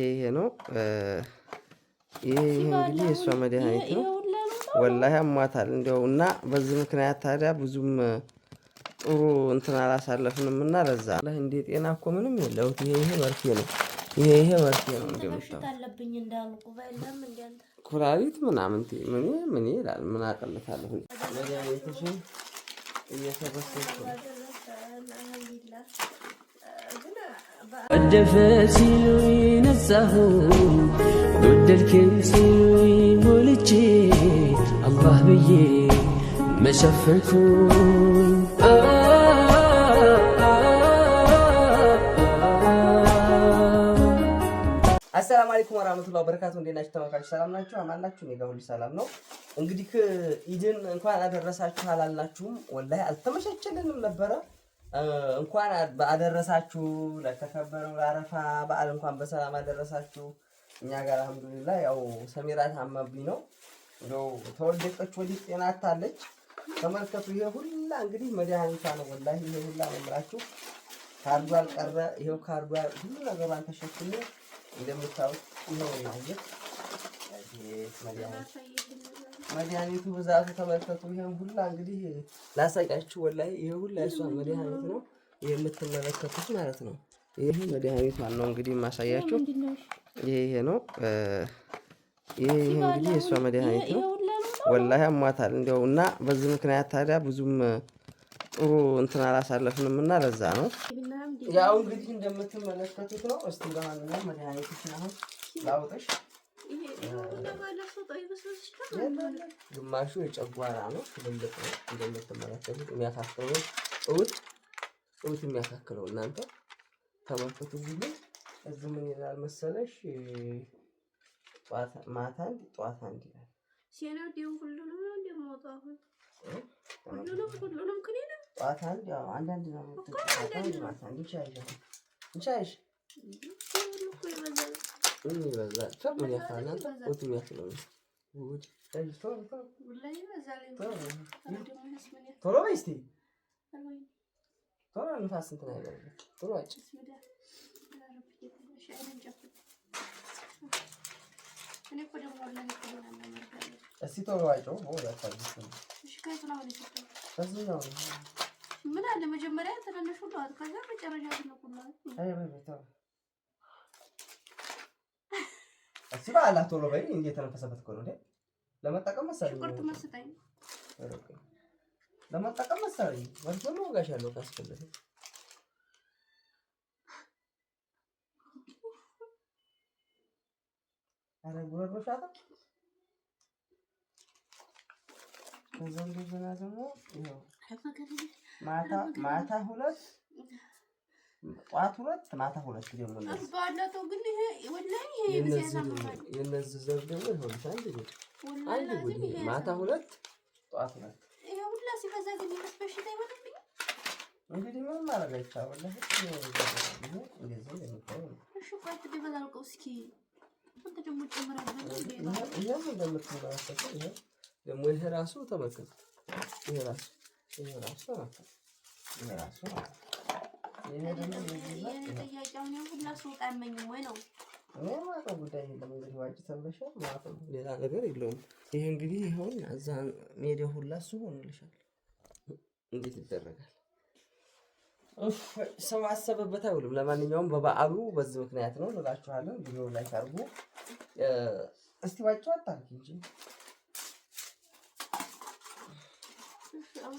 ይሄ ነው። ይሄ እንግዲህ የእሷ መድኃኒት ነው። ወላሂ አሟታል እንዲያው እና በዚህ ምክንያት ታዲያ ብዙም ጥሩ እንትን አላሳለፍንም እና ለዛ ላይ እንደ ጤና እኮ ምንም የለውት። ይሄ ይሄ መርፌ ነው። ይሄ ይሄ መርፌ ነው። ኩላሊት ምናምን ምን ምን ይላል። ምን አቀልታለሁ መድኃኒትሽን እየሰበሰብኩ ነው። ረሳሁ ጎደልከኝ ሲሉኝ ሞልቼ አላህ ብዬ መሸፈንኩኝ አሰላሙ አለይኩም ወራህመቱላሂ ወበረካቱ እንዴት ናችሁ ተመልካቾች ሰላም ናችሁ አማን ናችሁ እኔ ጋር ሁሉ ሰላም ነው እንግዲህ ኢድን እንኳን አደረሳችሁ አላላችሁም ወላሂ አልተመቻቸልንም ነበረ እንኳን አደረሳችሁ ለተከበረው ለአረፋ በዓል እንኳን በሰላም አደረሳችሁ። እኛ ጋር አልሐምዱሊላ ያው ሰሚራ ታመብኝ ነው እንደው ተወልደቀች ወዲህ ጤና አታለች። ተመልከቱ። ይሄ ሁላ እንግዲህ መድኃኒቷ ነው። ወላሂ ይሄ ሁላ መምራችሁ ካርዱ አልቀረ ይሄው ካርዱ ሁሉ ነገሯን ተሸክሞ እንደምታውቅ ይሄው ነው ይሄ መድኃኒት መድኃኒቱ ብዛቱ ተመልከቱ። ይሄን ሁላ እንግዲህ ላሳቃችሁ። ወላሂ ይሄ ሁላ እሷን መድኃኒት ነው የምትመለከቱት ማለት ነው። ይሄ መድኃኒቷን ነው እንግዲህ የማሳያችሁ። ይሄ ይሄ ነው ይሄ ይሄ እንግዲህ የእሷ መድኃኒት ነው። ወላሂ አሟታል እንዲያው እና በዚህ ምክንያት ታዲያ ብዙም ጥሩ እንትን አላሳለፍንም እና ለዛ ነው ያው እንግዲህ እንደምትመለከቱት ነው። እስቲ ለማንኛውም መድኃኒቶችን አሁን ላውጥሽ ግማሹ የጨጓራ ነው። ትልልቅ ነው እንደምትመለከቱት የሚያሳክለው እውት እውት የሚያሳክለው እናንተ ተመልከቱ። ጊዜ እዚህ ምን ይላል መሰለሽ? ማታ አንድ ጠዋት አንድ ይላል። ሁሉንም ሁሉንም ሁሉንም ምን ይበዛል? ምን ያህል ቶሎ በይ እስኪ ቶሎ ንፋስ እንትን አይበለም። ቶሎ አጭስ እስኪ ቶሎ አጭው ምን አለ መጀመሪያ ትንንሽ ሁሉ ከዛ መጨረሻ ትልቁ እስቲ በዓል ቶሎ በይ። እንደ የተነፈሰበት እኮ ነው ለመጠቀም መሰለኝ። ለመጠቀም መሰለኝ። ወልቶ ነው እወጋሻለሁ ካስፈለገ አረ ጉረዶሻታ ከዛ እንደገና ደግሞ ማታ ማታ ሁለት ጠዋት ሁለት ማታ ሁለት ነው የእነዚህ ዘር ደግሞ ይሆንሽ አንድ ጉድ አንድ ጉድ ማታ ሁለት ጠዋት ሁለት እንግዲህ ምንም ማድረግ አይቻልም። ይሄም እንደምትመለከተው ይሄ ደግሞ ይሄ ራሱ ተመልከቱ። ይሄ ራሱ ይሄ ራሱ ይሄ ራሱ ሌላ ነገር የለውም። ይህ እንግዲህ ይኸውን እዛ ሜዳ ሁላ እሱ ሆኖልሻል። እንዴት ይደረጋል? ሰው አሰበበት አይውልም። ለማንኛውም በበዓሉ በዚህ ምክንያት ነው ልላችኋለሁ። ቪዲዮ ላይ ታርጉ እስቲ ዋጭ አታርጊ እንጂ አሁን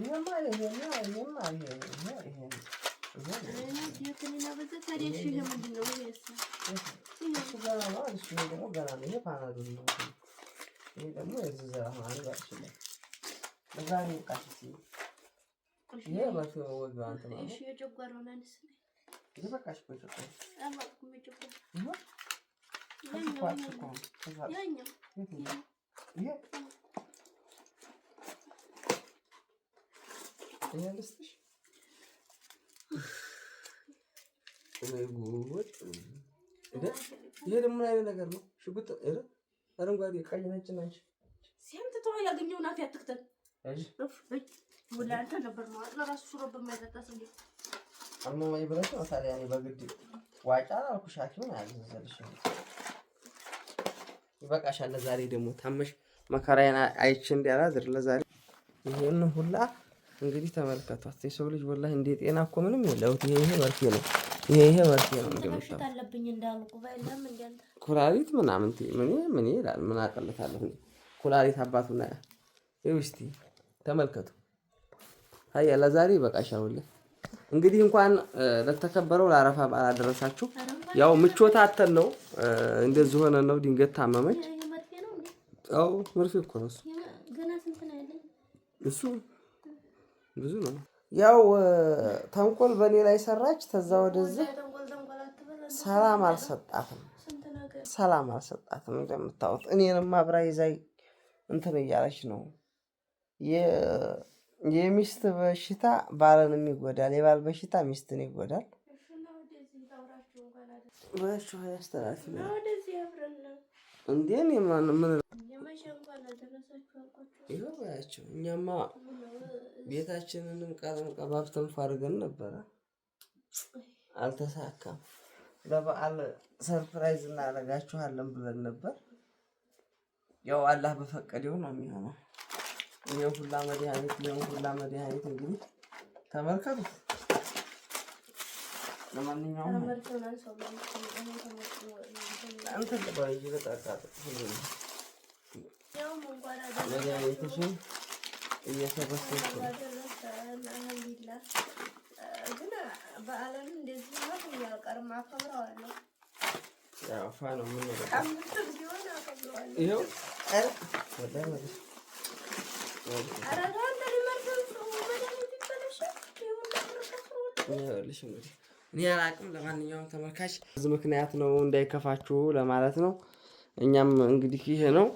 ይሄማ ይሄማ ይሄማ ይሄማ ይሄማ ይሄ ይሄን ልስጥሽ። ወይ ጉድ! ይሄ ደግሞ ምን አይነት ነገር ነው? ሽጉጥ አይደል? አረንጓዴ፣ ቀይ፣ ነጭ ናንቺ ሲምትተው ያገኘውን አፍ ያትክተን። አንተ ነበር ማለት ለራሱ ሹሮብ በግድ ዋጫ አልኩሽ፣ ሐኪምን አያዘዘልሽ። ይበቃሻል። ለዛሬ ደግሞ ታመሽ መከራዬን አይቼ እንዲያላድር ለዛሬ ይሄን ሁላ እንግዲህ ተመልከቷት። የሰው ልጅ ወላሂ እንደ ጤና እኮ ምንም የለውት። ይሄ ይሄ መርፌ ነው፣ ይሄ ይሄ መርፌ ነው። ኩላሊት ምናምን ምን ምን ይላል? ምን አቀልታለሁ ኩላሊት አባቱና ውስቲ ተመልከቱ። አያ ለዛሬ ሻውል እንግዲህ እንኳን ለተከበረው ለአረፋ በዓል አደረሳችሁ። ያው ምቾት አተን ነው እንደዚህ ሆነ ነው። ድንገት ታመመች። አዎ መርፌ እኮ ነው እሱ ገና እሱ ብዙ ነው። ያው ተንኮል በእኔ ላይ ሰራች። ተዛ ወደዚህ ሰላም አልሰጣትም፣ ሰላም አልሰጣትም። እንደምታወት እኔንም አብራ ይዛይ እንትን እያለች ነው። የሚስት በሽታ ባልንም ይጎዳል፣ የባል በሽታ ሚስትን ይጎዳል። እንዴ ምን እኛማ ቤታችንንም ቀለም ቀባብተን ፋርገን ነበረ፣ አልተሳካም። ለበዓል ሰርፕራይዝ እናደርጋችኋለን ብለን ነበር። ያው አላህ በፈቀደው ነው የሚሆነው። ይሄን ሁላ መድኃኒት ይሄን ሁላ መድኃኒት እንግዲህ ተመልከቱት። ለማንኛውም አንተ ለባይ ይበጣጣ ሁሉ እየሰበሰብኩ ነው። አልሐምዱሊላህ በዓለም እንደዚህ ሆን ነው እኔ አላቅም። ለማንኛውም ተመልካች በዚህ ምክንያት ነው እንዳይከፋችሁ ለማለት ነው። እኛም እንግዲህ ይሄ ነው።